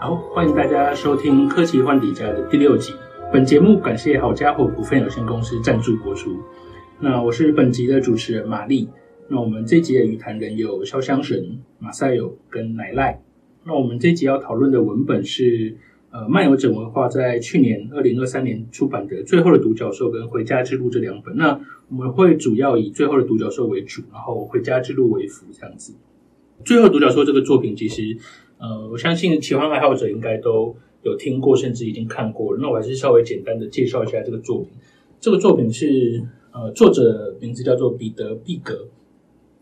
好，歡迎大家收聽《科技換底價》的第六集。本節目感謝好家伙股份有限公司贊助播出。那我是本集的主持人馬立。那我們這一集的與談人有瀟湘神、Masayo 跟乃賴。那我們這一集要討論的文本是。呃，漫遊者文化在去年二零二三年出版的《最後的獨角獸》跟《回家之路》這兩本，那我們會主要以《最後的獨角獸》為主，然後《回家之路》為輔，這樣子。《最後的獨角獸》這個作品，其實呃，我相信奇幻愛好者應該都有聽過，甚至已經看過了。那我還是稍微簡單的介紹一下這個作品。這個作品是呃，作者名字叫做彼得·畢格，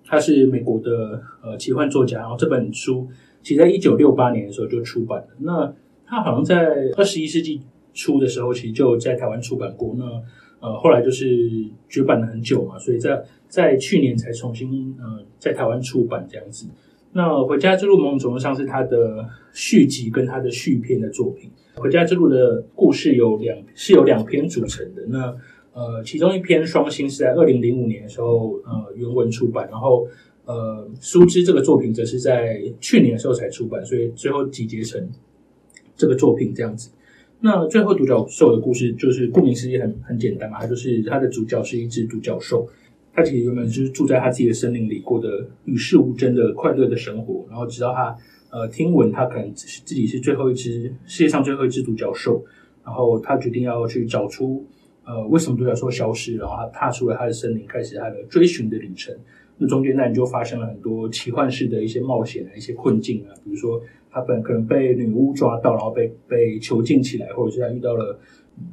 他是美國的呃奇幻作家。然後這本書其實在一九六八年的時候就出版了。那他好像在二十一世紀初的時候，其實就在台灣出版過。那呃，後來就是絕版了很久嘛，所以在在去年才重新呃在台灣出版這樣子。那《回家之路》某種程度上是他的續集跟他的續篇的作品。《回家之路》的故事有兩，是由兩篇組成的。那呃，其中一篇《雙星》是在二零零五年的時候呃原文出版，然後呃，《蘇茲》這個作品則是在去年的時候才出版，所以最後集結成。這個作品這樣子，那最後獨角獸的故事就是顧名思義，很很簡單嘛，他就是他的主角是一隻獨角獸，他其實原本就是住在他自己的森林裡，過得與世無爭的快樂的生活，然後直到他呃聽聞他可能自己是最後一隻世界上最後一隻獨角獸，然後他決定要去找出呃為什麼獨角獸消失，然後他踏出了他的森林，開始他的追尋的旅程。那中間呢，就發生了很多奇幻式的一些冒險啊，一些困境啊。比如說，他本可能被女巫抓到，然後被被囚禁起來，或者是他遇到了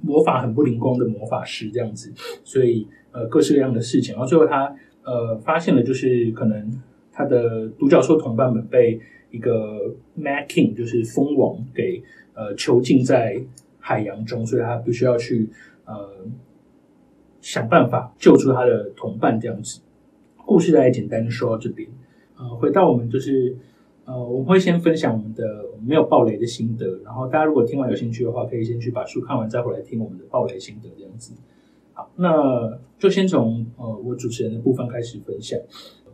魔法很不靈光的魔法師這樣子。所以，呃，各式各樣的事情。然後最後他，他呃發現了，就是可能他的獨角獸同伴們被一個 Mad King，就是瘋王給呃囚禁在海洋中，所以他必須要去呃想辦法救出他的同伴這樣子。故事大概簡單的說到這邊，呃，回到我們就是，呃，我們會先分享我們的沒有爆雷的心得，然後大家如果聽完有興趣的話，可以先去把書看完，再回來聽我們的爆雷心得這樣子。好，那就先從呃我主持人的部分開始分享。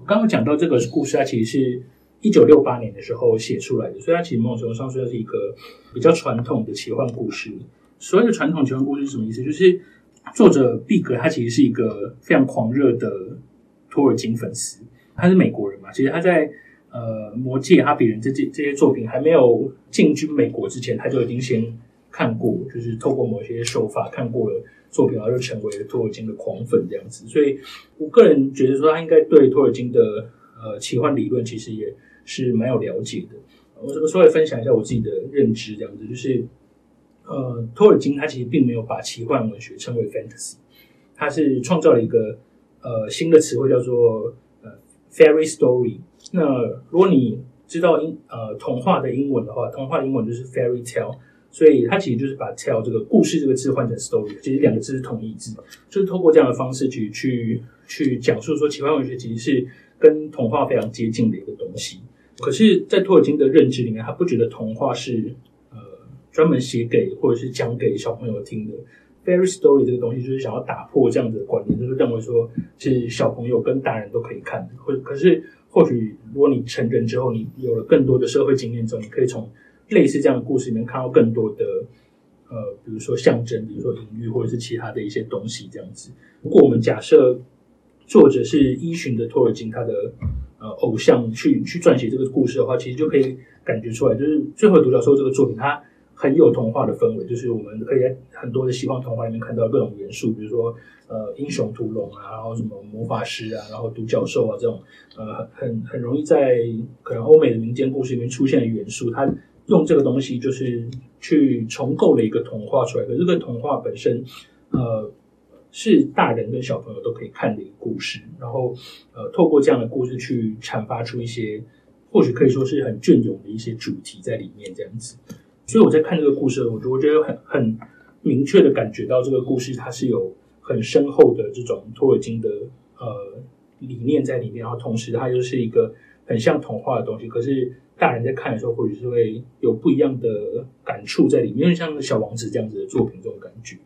剛剛講到這個故事它其實是一九六八年的時候寫出來的，所以它其實某種程度上算是一個比較傳統的奇幻故事。所謂的傳統奇幻故事是什麼意思？就是作者畢格他其實是一個非常狂熱的。托爾金粉絲，他是美國人嘛？其實他在呃，《魔戒》《哈比人》這這這些作品還沒有進軍美國之前，他就已經先看過，就是透過某些手法看過了作品，然後就成為了托爾金的狂粉這樣子。所以我個人覺得說，他應該對托爾金的呃奇幻理論其實也是蠻有了解的。我這個說來分享一下我自己的認知，這樣子就是，呃，托爾金他其實並沒有把奇幻文學稱為 fantasy，他是創造了一個。呃，新的詞彙叫做呃 fairy story。那如果你知道英呃童話的英文的話，童話的英文就是 fairy tale，所以他其實就是把 tale 這個故事這個字換成 story，其實兩個字是同義字，嗯、就是透過這樣的方式去去去講述說，奇幻文學其實是跟童話非常接近的一個東西。可是，在托爾金的認知裡面，他不覺得童話是呃專門寫給或者是講給小朋友聽的。Fairy Story 這個東西就是想要打破這樣子的觀念，就是認為說是小朋友跟大人都可以看的。或可是或許如果你成人之後，你有了更多的社會經驗之後，你可以從類似這樣的故事裡面看到更多的呃，比如說象徵，比如說隱喻，或者是其他的一些東西這樣子。如果我們假設作者是依循著托爾金他的呃偶像去去撰寫這個故事的話，其實就可以感覺出來，就是《最後獨角獸》這個作品它。他很有童話的氛圍，就是我們可以在很多的西方童話裡面看到各種元素，比如說呃英雄屠龍啊，然後什麼魔法師啊，然後獨角獸啊這種呃很很很容易在可能歐美的民間故事裡面出現的元素，他用這個東西就是去重構了一個童話出來。可是這個童話本身呃是大人跟小朋友都可以看的一個故事，然後呃透過這樣的故事去闡發出一些或許可以說是很隽永的一些主題在裡面，這樣子。所以我在看這個故事，我覺我覺得很很明確的感覺到這個故事它是有很深厚的這種托爾金的呃理念在裡面，然後同時它就是一個很像童話的東西。可是大人在看的時候，或許是會有不一樣的感觸在裡面，像小王子這樣子的作品、嗯、這種感覺。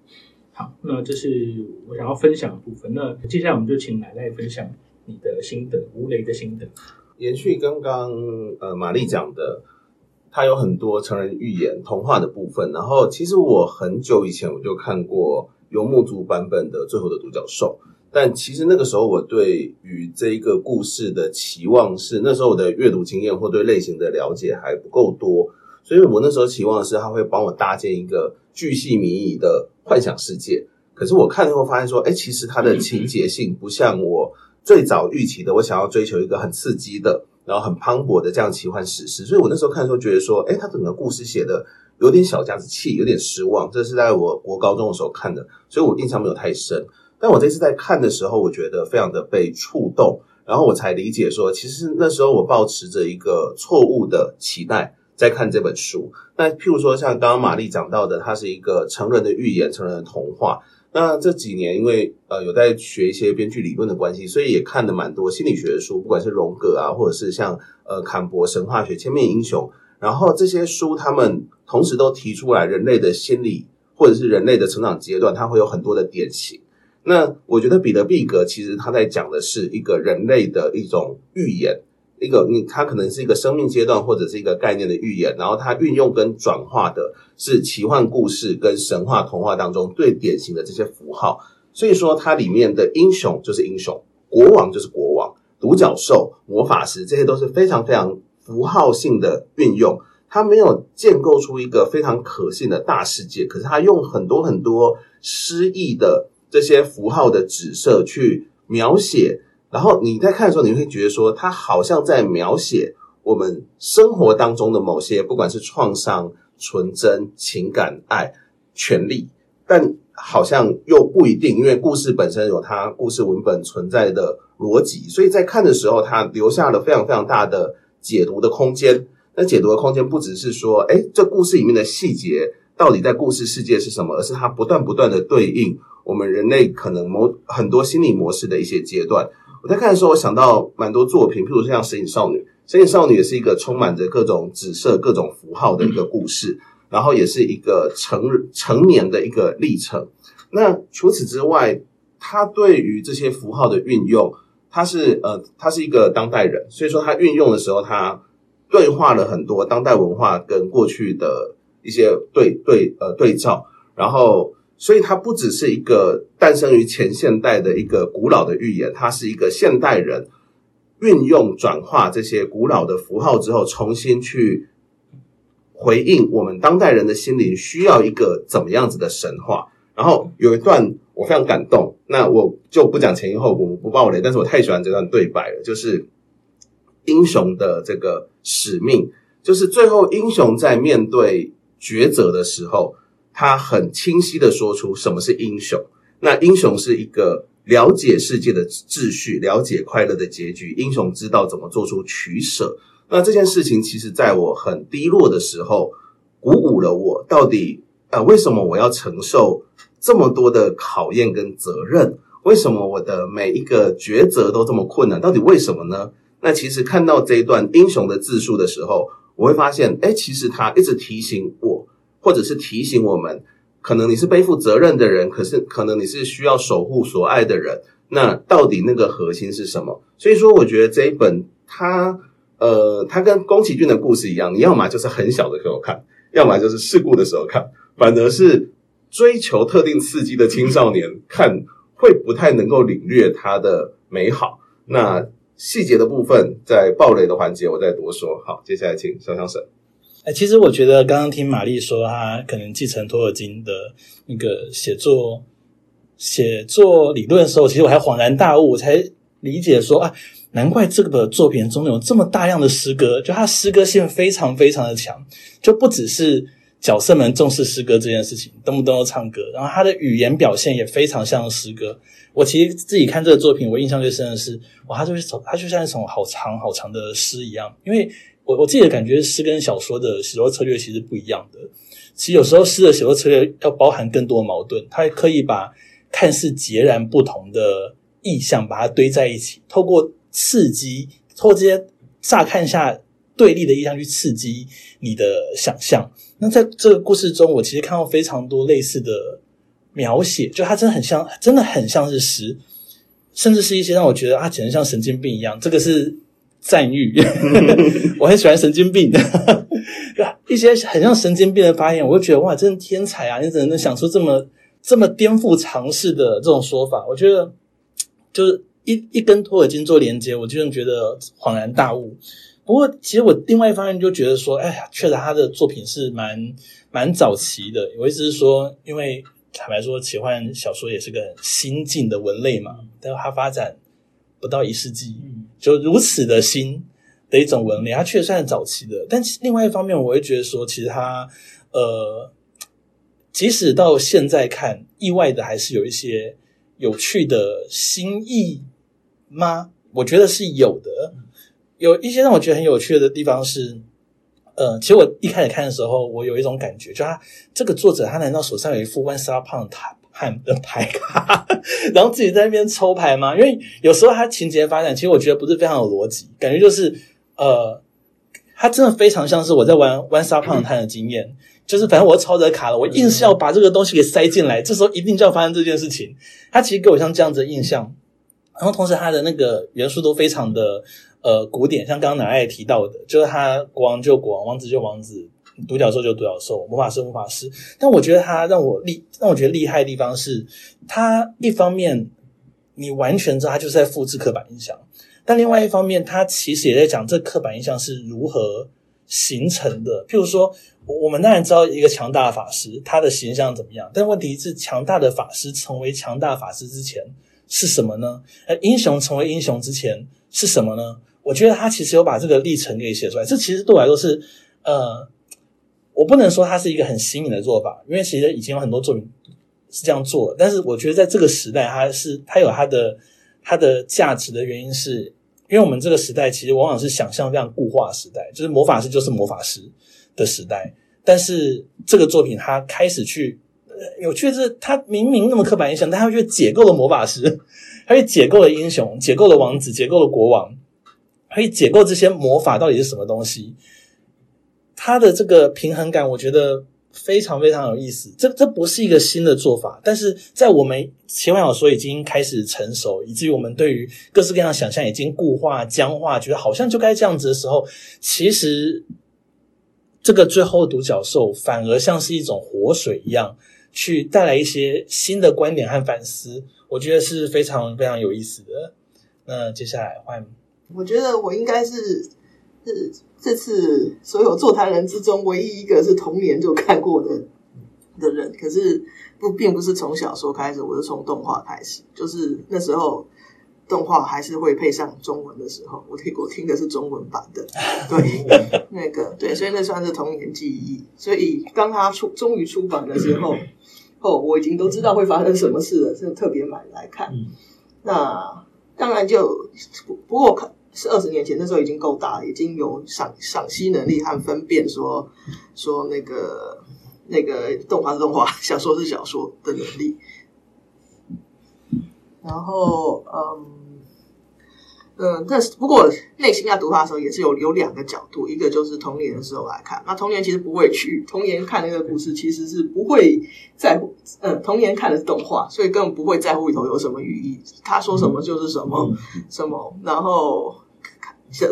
好，那這是我想要分享的部分。那接下來我們就請乃賴分享你的心得，無雷的心得。延續剛剛呃馬立講的。它有很多成人寓言童話的部分，然後其實我很久以前我就看過遊牧族版本的《最後的獨角獸》，但其實那個時候我對於這一個故事的期望是，那時候我的閱讀經驗或對類型的了解還不夠多，所以我那時候期望的是他會幫我搭建一個巨細靡遺的幻想世界。可是我看之後發現說，哎，其實它的情節性不像我最早預期的，我想要追求一個很刺激的。然後很磅礴的這樣奇幻史詩，所以我那時候看的時候覺得說，哎，他整個故事寫的有點小家子氣，有點失望。這是在我國高中的時候看的，所以我印象沒有太深。但我這次在看的時候，我覺得非常的被觸動，然後我才理解說，其實那時候我抱持着一個錯誤的期待。在看這本書，那譬如說像剛剛馬立講到的，它是一個成人的寓言、成人的童話。那這幾年因為呃有在學一些編劇理論的關係，所以也看了蠻多心理學的書，不管是榮格啊，或者是像呃坎博神話學、千面英雄，然後這些書他們同時都提出來人類的心理或者是人類的成長階段，它會有很多的典型。那我覺得彼得·畢格其實他在講的是一個人類的一種寓言。一個，你它可能是一個生命階段，或者是一個概念的寓言，然後它運用跟轉化的是奇幻故事跟神話童話當中最典型的這些符號，所以說它裡面的英雄就是英雄，國王就是國王，獨角獸、魔法師這些都是非常非常符號性的運用，它沒有建構出一個非常可信的大世界，可是它用很多很多詩意的這些符號的紫色去描寫。然後你在看的時候，你會覺得說，它好像在描寫我們生活當中的某些，不管是創傷、純真、情感、愛、權利，但好像又不一定，因為故事本身有它故事文本存在的邏輯，所以在看的時候，它留下了非常非常大的解讀的空間。那解讀的空間不只是說，哎，這故事裡面的細節到底在故事世界是什麼，而是它不斷不斷的對應我們人類可能某很多心理模式的一些階段。我在看的時候，我想到蠻多作品，譬如說像《神隱少女》，《神隱少女》也是一個充滿着各種紫色、各種符號的一個故事，然後也是一個成成年的一個歷程。那除此之外，他對於這些符號的運用，他是呃，他是一個當代人，所以說他運用的時候，他對話了很多當代文化跟過去的一些對對呃對照，然後。所以它不只是一個誕生於前現代的一個古老的寓言，它是一個現代人運用轉化這些古老的符號之後，重新去回應我們當代人的心靈需要一個怎麼樣子的神話。然後有一段我非常感動，那我就不講前因後果，我不爆雷，但是我太喜歡這段對白了，就是英雄的這個使命，就是最後英雄在面對抉擇的時候。他很清晰的說出什麼是英雄。那英雄是一個了解世界的秩序，了解快樂的結局。英雄知道怎麼做出取捨。那這件事情，其實在我很低落的時候，鼓舞了我。到底，呃，為什麼我要承受這麼多的考驗跟責任？為什麼我的每一個抉擇都這麼困難？到底為什麼呢？那其實看到這一段英雄的自述的時候，我會發現，哎，其實他一直提醒我。或者是提醒我們，可能你是背負責任的人，可是可能你是需要守護所愛的人，那到底那個核心是什麼？所以說，我覺得這一本它，它呃，它跟宮崎駿的故事一樣，你要麼就是很小的時候看，要麼就是事故的時候看，反而是追求特定刺激的青少年看，會不太能夠領略它的美好。那細節的部分，在暴雷的環節，我再多說。好，接下來請瀟湘神。上上欸、其實我覺得剛剛聽馬立說，她可能繼承托爾金的那個寫作寫作理論的時候，其實我還恍然大悟，我才理解說啊，難怪這個的作品中有這麼大量的詩歌，就他詩歌性非常非常的強，就不只是角色們重視詩歌這件事情，動不動都唱歌，然後他的語言表現也非常像詩歌。我其實自己看這個作品，我印象最深的是，哇，他就是從他就像一首好長好長的詩一樣，因為。我我自己的感覺，詩跟小說的寫作策略其實不一樣的。其實有時候詩的寫作策略要包含更多矛盾，它還可以把看似截然不同的意象把它堆在一起，透過刺激，透過這些乍看一下對立的意象去刺激你的想象。那在這個故事中，我其實看到非常多類似的描寫，就它真的很像，真的很像是詩，甚至是一些讓我覺得啊，簡直像神經病一樣。這個是。讚譽，戰 我很喜歡神經病的， 一些很像神經病的發言，我就覺得哇，真的天才啊！你怎麼能想出這麼這麼顛覆常識的這種說法？我覺得就是一一跟托爾金做連接，我就能覺得恍然大悟。不過，其實我另外一方面就覺得說，哎呀，確實他的作品是蠻蠻早期的。我意思是說，因為坦白說，奇幻小說也是個很新進的文類嘛，但是它發展不到一世紀。就如此的新的一種文類，它確實算是早期的。但是另外一方面，我會覺得說，其實它呃，即使到現在看，意外的還是有一些有趣的新意嗎？我覺得是有的。有一些讓我覺得很有趣的地方是，呃，其實我一開始看的時候，我有一種感覺，就他這個作者，他難道手上有一副萬斯拉胖塔？和的牌卡，然後自己在那邊抽牌嗎？因為有時候它情節發展，其實我覺得不是非常有邏輯，感覺就是呃，它真的非常像是我在玩玩 One Shot 跑團的經驗，就是反正我抽着卡了，我硬是要把這個東西給塞進來，嗯、這時候一定就要發生這件事情。它其實給我像這樣子的印象，然後同時它的那個元素都非常的呃古典，像剛剛乃賴也提到的，就是他國王就國王，王子就王子。獨角獸就獨角獸，魔法師魔法師。但我覺得他讓我厲，讓我覺得厲害的地方是，他一方面你完全知道他就是在複製刻板印象，但另外一方面，他其實也在講這刻板印象是如何形成的。譬如說，我，我們當然知道一個強大的法師他的形象怎麼樣，但問題是，強大的法師成為強大法師之前是什麼呢？呃，英雄成為英雄之前是什麼呢？我覺得他其實有把這個歷程給寫出來，這其實對我來說是呃。我不能說它是一個很新穎的做法，因為其實以前有很多作品是這樣做，但是我覺得在這個時代，它是它有它的它的價值的原因是，是因為我們這個時代其實往往是想象這樣固化時代，就是魔法師就是魔法師的時代。但是這個作品它開始去有趣的是，它明明那麼刻板印象，但它卻解構了魔法師，它去解構了英雄，解構了王子，解構了國王，可以解構這些魔法到底是什麼東西。他的這個平衡感，我覺得非常非常有意思。這這不是一個新的做法，但是在我們奇幻小說已經開始成熟，以至於我們對於各式各樣的想象已經固化僵化，覺得好像就該這樣子的時候，其實這個最後獨角獸反而像是一種活水一樣，去帶來一些新的觀點和反思，我覺得是非常非常有意思的。那接下來換，我覺得我應該是。是這，這次所有座談人之中唯一一個是童年就看過的的人，可是不並不是從小說開始，我是從動畫開始，就是那時候動畫還是會配上中文的時候，我聽我聽的是中文版的，對， 那個對，所以那算是童年記憶。所以當他出終於出版的時候， 哦，我已經都知道會發生什麼事了，是特別買來看。 那當然就不過是二十年前，那時候已經夠大了，已經有賞賞析能力和分辨說說那個那個動畫是動畫，小說是小說的能力。然後，嗯嗯，但、呃、是不過內心要讀它的時候，也是有有兩個角度，一個就是童年的時候來看，那童年其實不會去童年看那個故事，其實是不會在乎，嗯、呃，童年看的是動畫，所以根本不會在乎裡頭有什麼寓意，他說什麼就是什麼什麼，然後。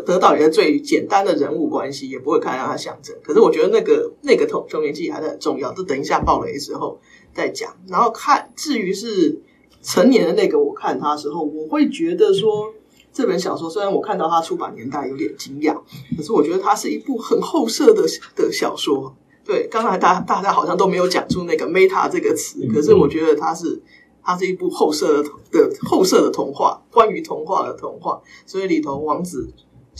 得到一個最簡單的人物關係，也不會看到他象徵。可是我覺得那個那個童童年記憶還是很重要。等等一下爆雷之後再講。然後看至於是成年的那個，我看他的時候，我會覺得說，這本小說雖然我看到他出版年代有點驚訝，可是我覺得它是一部很後設的的小說。對，剛才大家大家好像都沒有講出那個 meta 這個詞，可是我覺得它是它是一部後設的後設的童話，關於童話的童話，所以裡頭王子。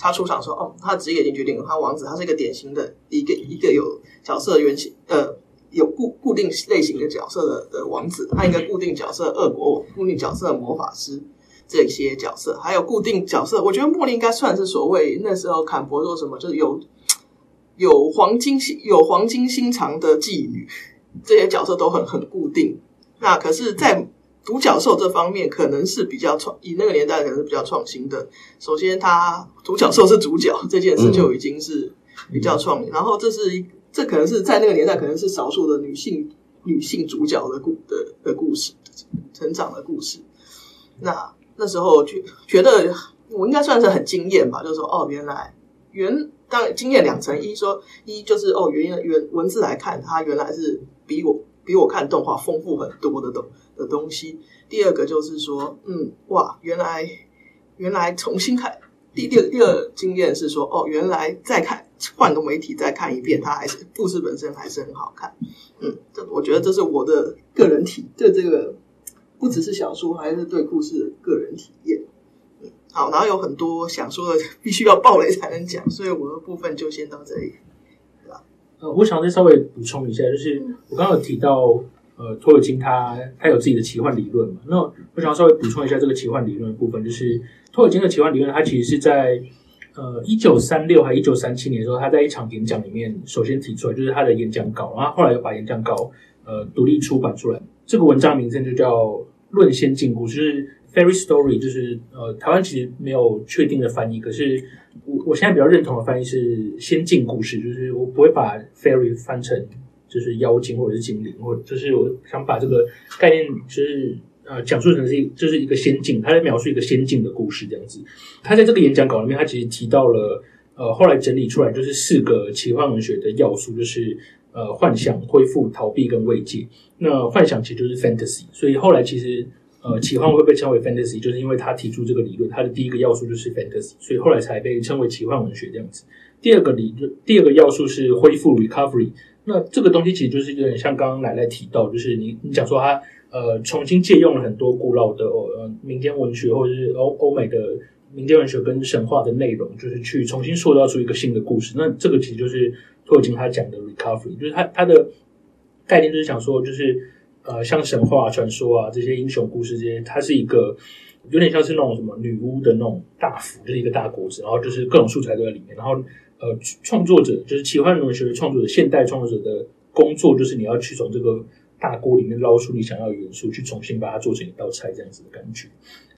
他出場說：“哦，他的職業已經決定了他王子，他是一個典型的，一個一個有角色原型的，呃，有固固定類型的角色的的王子。他應該固定角色，惡魔、固定角色、魔法師這些角色，還有固定角色。我覺得茉莉應該算是所謂那時候坎伯說什麼，就是有有黃金心、有黃金心腸的妓女，這些角色都很很固定。那可是，在”獨角獸這方面可能是比較創，以那個年代可能是比較創新的。首先，它獨角獸是主角這件事就已經是比較創意。嗯嗯、然後，這是一，這可能是在那個年代可能是少數的女性女性主角的故的的故事，成長的故事。那那時候覺覺得我應該算是很驚豔吧，就是說哦，原來原當然驚豔兩層，一說一就是哦，原原,原文字來看，它原來是比我。比我看動畫豐富很多的東的東西。第二個就是說，嗯，哇，原來原來重新看。第第第二經驗是說，哦，原來再看，換個媒體再看一遍，它還是故事本身還是很好看。嗯，這我覺得這是我的個人體對這個，不只是小說，還是對故事的個人體驗。嗯，好，然後有很多想說的，必須要爆雷才能講，所以我的部分就先到這裡。呃，我想再稍微補充一下，就是我剛剛有提到，呃，托爾金他他有自己的奇幻理論嘛。那我想稍微補充一下這個奇幻理論的部分，就是托爾金的奇幻理論，他其實是在呃一九三六還是一九三七年的時候，他在一場演講裡面首先提出來，就是他的演講稿，然後後來又把演講稿呃獨立出版出來，這個文章名稱就叫《論仙境故》，就是。Fairy story 就是呃，台灣其實沒有確定的翻譯，可是我我現在比較認同的翻譯是“仙境故事”。就是我不會把 fairy 翻成，就是妖精或者是精靈，或者就是我想把這個概念就是呃講述成是一就是一個仙境，他在描述一個仙境的故事這樣子。他在這個演講稿裡面，他其實提到了呃，後來整理出來就是四個奇幻文學的要素，就是呃幻想、恢復、逃避跟慰藉。那幻想其實就是 fantasy，所以後來其實。呃，奇幻會被稱為 fantasy，就是因為他提出這個理論，他的第一個要素就是 fantasy，所以後來才被稱為奇幻文學這樣子。第二個理論，第二個要素是恢復 recovery。那這個東西其實就是有點像剛剛乃賴提到，就是你你講說他呃重新借用了很多古老的呃民間文學或者是歐歐美的民間文學跟神話的內容，就是去重新塑造出一個新的故事。那這個其實就是托爾金他講的 recovery，就是他他的概念就是想說就是。呃，像神話、傳說啊，這些英雄故事這些，它是一個有點像是那種什麼女巫的那種大釜，就是一個大鍋子，然後就是各種素材都在裡面。然後，呃，創作者就是奇幻文學的創作者，現代創作者的工作就是你要去從這個大鍋裡面撈出你想要的元素，去重新把它做成一道菜這樣子的感覺。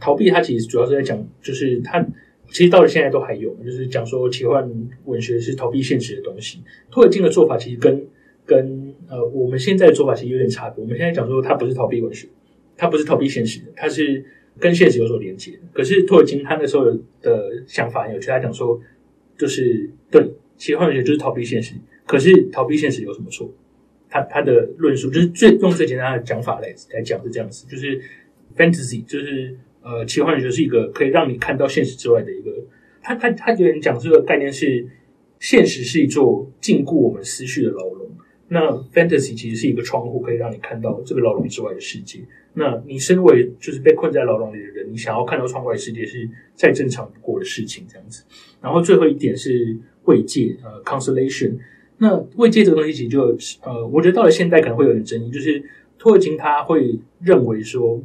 逃避它其實主要是在講，就是它其實到了現在都還有，就是講說奇幻文學是逃避現實的東西。托爾金的做法其實跟。跟呃，我們現在的做法其實有點差別。我們現在講說，它不是逃避文學，它不是逃避現實的，它是跟現實有所連接。可是托爾金他那時候有的想法有，其他講說，就是對，奇幻文學就是逃避現實。可是逃避現實有什麼錯？他他的論述就是最用最簡單的講法來來講是這樣子，就是 fantasy 就是呃奇幻文學是一個可以讓你看到現實之外的一個。他他他有點講這個概念是，現實是一座禁錮我們思緒的牢籠。那 fantasy 其實是一個窗戶，可以讓你看到這個牢籠之外的世界。那你身為就是被困在牢籠裡的人，你想要看到窗外世界是再正常不過的事情，這樣子。然後最後一點是慰藉，呃，consolation。那慰藉這個東西其實就呃，我覺得到了現代可能會有點爭議，就是托爾金他會認為說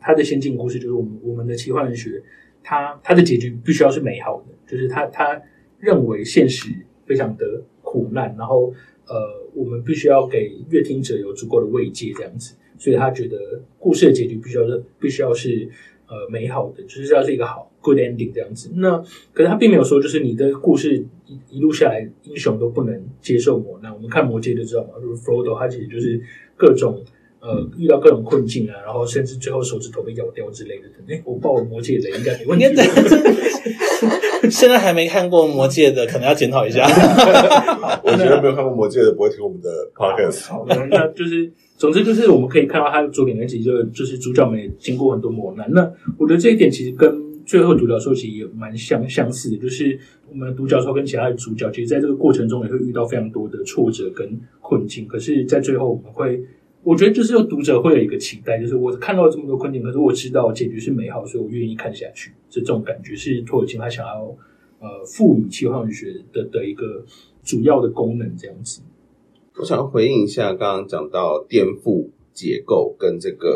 他的仙境故事就是我們我們的奇幻文學，他他的結局必須要是美好的，就是他他認為現實非常的苦難，然後。呃，我們必須要給閱聽者有足夠的慰藉，這樣子，所以他覺得故事的結局必須要、是必須要是呃美好的，就是要是一個好 good ending 這樣子。那可是他並沒有說，就是你的故事一一路下來，英雄都不能接受磨難。那我們看魔戒就知道嘛，就是 Frodo 他其實就是各種。呃，遇到各種困境啊，然後甚至最後手指頭被咬掉之類的，哎，我報了《魔戒》的，應該沒問題。 現在還沒看過《魔戒》的，可能要檢討一下。 我覺得沒有看過《魔戒》的不會聽我們的 podcast。好，好 那就是，總之就是我們可以看到，他的主角們其實就是主角們也經過很多磨難。那我覺得這一點其實跟最後獨角獸其實也蠻相相似的，就是我們的獨角獸跟其他的主角，其實在這個過程中也會遇到非常多的挫折跟困境，可是，在最後我們會。我覺得就是讀者會有一個期待，就是我看到這麼多困境，可是我知道結局是美好，所以我願意看下去。這種感覺，是托爾金他想要呃賦予奇幻文學的的一個主要的功能。這樣子，我想要回應一下剛剛講到顛覆結構跟這個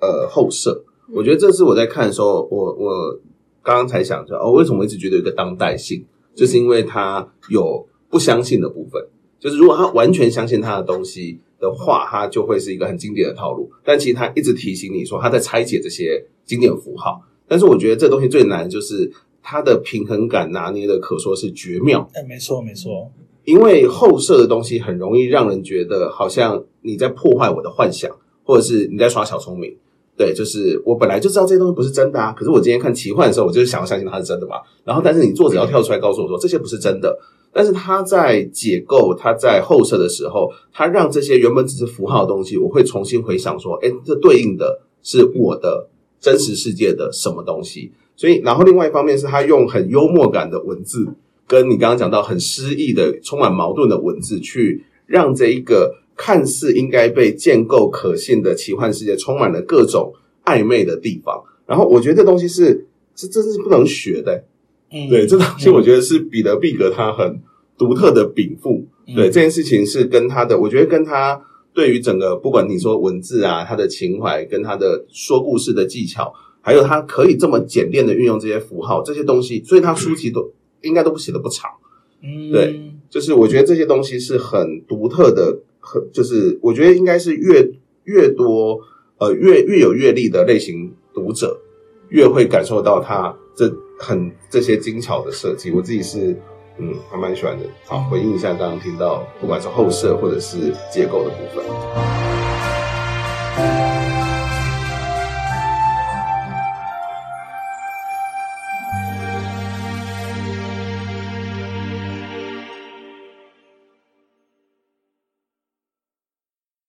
呃後設，我覺得這是我在看的時候，我我剛剛才想着哦，為什麼我一直覺得有一個當代性，嗯、就是因為他有不相信的部分，就是如果他完全相信他的東西。的話，它就會是一個很經典的套路。但其實他一直提醒你說，他在拆解這些經典符號。但是我覺得這東西最難就是它的平衡感拿捏的，可說是絕妙。哎、欸，沒錯沒錯，因為後設的東西很容易讓人覺得好像你在破壞我的幻想，或者是你在耍小聰明。對，就是我本來就知道這些東西不是真的啊。可是我今天看奇幻的時候，我就是想要相信它是真的吧。然後，但是你作者要跳出來告訴我說，這些不是真的。但是他在解構，他在後設的時候，他讓這些原本只是符號的東西，我會重新回想說，哎，這對應的是我的真實世界的什麼東西？所以，然後另外一方面是他用很幽默感的文字，跟你剛剛講到很詩意的、充滿矛盾的文字，去讓這一個看似應該被建構可信的奇幻世界，充滿了各種曖昧的地方。然後，我覺得這東西是，這真是不能學的。嗯，對，這東西我覺得是彼得·畢格他很獨特的稟賦。嗯、對這件事情是跟他的，我覺得跟他對於整個不管你說文字啊，他的情懷跟他的說故事的技巧，還有他可以這麼簡練的運用這些符號這些東西，所以他書籍都、嗯、應該都寫得不寫的不長。嗯，對，嗯、就是我覺得這些東西是很獨特的，很就是我覺得應該是越越多呃越越有閱歷的類型讀者。越會感受到它這很這些精巧的設計，我自己是嗯還蠻喜歡的。好，回應一下剛剛聽到，不管是後設或者是結構的部分。